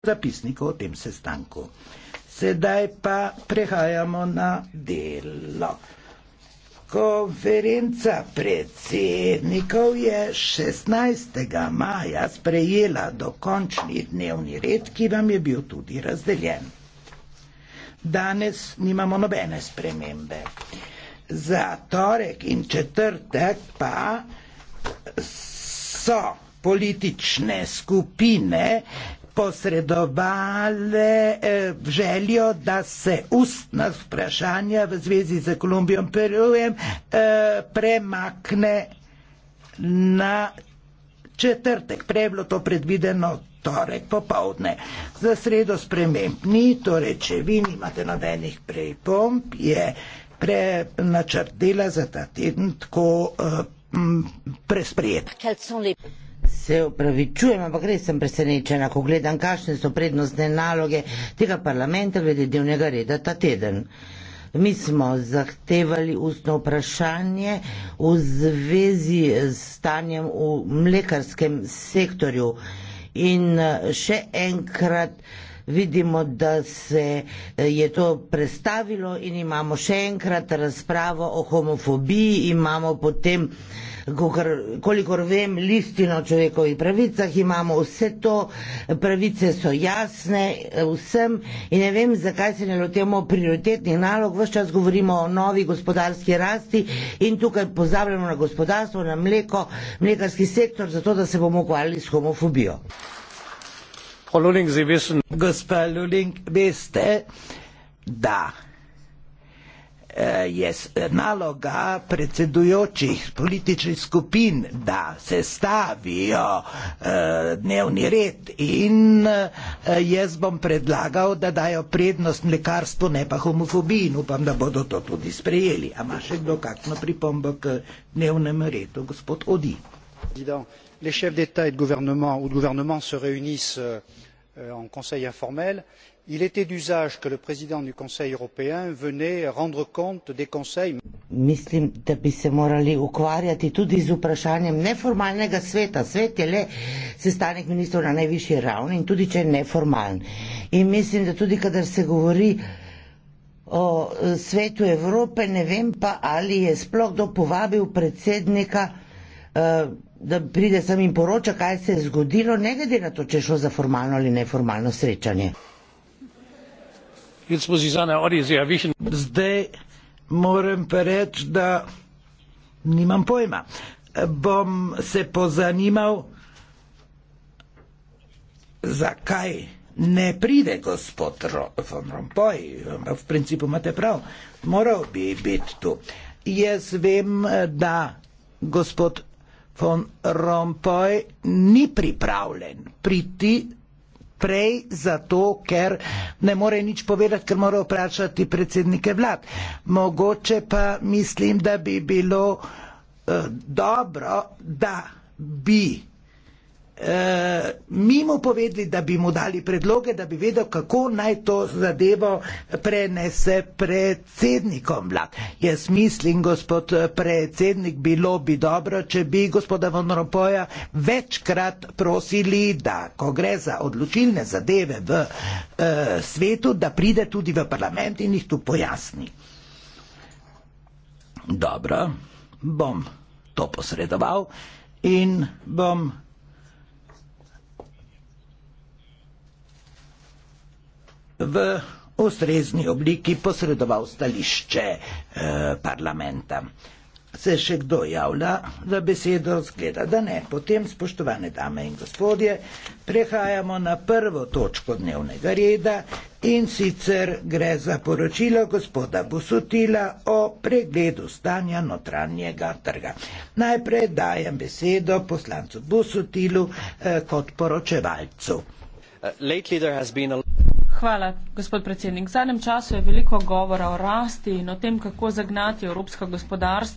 zapisniku o tem sestanku. Sedaj pa prehajamo na delo. Konferenca predsednikov je 16. maja sprejela dokončni dnevni red, ki vam je bil tudi razdeljen. Danes nimamo nobene spremembe. Za torek in četrtek pa so politične skupine posredovale eh, željo, da se ustna vprašanja v zvezi z Kolumbijo in Perujem eh, premakne na četrtek. Prej je bilo to predvideno torek popovdne. Za sredo sprememb ni, torej, če vi nimate nobenih pripomb, je pre načrt dela za ta teden tako uh, presprejet. Se upravičujem, ampak res sem presenečena, ko gledam, kakšne so prednostne naloge tega parlamenta glede dnevnega reda ta teden. Mi smo zahtevali ustno vprašanje v zvezi s stanjem v mlekarskem sektorju in eh, še enkrat vidimo, da se eh, je to predstavilo in imamo še enkrat razpravo o homofobiji, imamo potem, kolikor vem, listino o človekovih pravicah, imamo vse to, pravice so jasne eh, vsem in ne vem, zakaj se ne lotevamo prioritetnih nalog, vse čas govorimo o novi gospodarski rasti in tukaj pozabljamo na gospodarstvo, na mleko, mlekarski sektor, zato da se bomo ukvarjali s homofobijo. Frau Lulling, Sie wissen. Gospod Lulling, veste, da e, je e, naloga predsedujočih političnih skupin, da se stavijo e, dnevni red in jaz bom predlagal, da dajo prednost mlekarstvu, ne pa homofobiji in upam, da bodo to tudi sprejeli. A ima še kdo kakšno pripombo k dnevnemu redu, gospod Odi? président les chefs d'état et de gouvernement ou de gouvernement se réunissent euh, euh, en conseil informel il était d'usage que le président du conseil européen venait rendre compte des conseils Mislim, da bi se morali ukvarjati tudi z vprašanjem neformalnega sveta. Svet je le sestanek ministrov na najvišji ravni in tudi, če je neformalen. In mislim, da tudi, kadar se govori o eh, svetu Evrope, ne vem pa, ali je sploh kdo povabil predsednika uh, da pride sem in poroča, kaj se je zgodilo, ne glede na to, če je šlo za formalno ali neformalno srečanje. Zdaj moram pa reči, da nimam pojma. Bom se pozanimal, zakaj ne pride gospod Rompoj. V principu imate prav, moral bi biti tu. Jaz vem, da gospod Von Rompuy ni pripravljen priti prej zato, ker ne more nič povedati, ker mora vprašati predsednike vlad. Mogoče pa mislim, da bi bilo eh, dobro, da bi eh, mimo povedali, da bi mu dali predloge, da bi vedel, kako naj to zadevo prenese predsednikom vlad. Jaz mislim, gospod eh, predsednik, bilo bi dobro, če bi gospoda von Ropoja večkrat prosili, da ko gre za odločilne zadeve v eh, svetu, da pride tudi v parlament in jih tu pojasni. Dobro, bom to posredoval in bom v ustrezni obliki posredoval stališče eh, parlamenta. Se še kdo javlja za besedo? Zgleda, da ne. Potem, spoštovane dame in gospodje, prehajamo na prvo točko dnevnega reda in sicer gre za poročilo gospoda Busutila o pregledu stanja notranjega trga. Najprej dajem besedo poslancu Busutilu eh, kot poročevalcu. Uh, Hvala, gospod predsednik. V zadnjem času je veliko govora o rasti in o tem, kako zagnati evropsko gospodarstvo.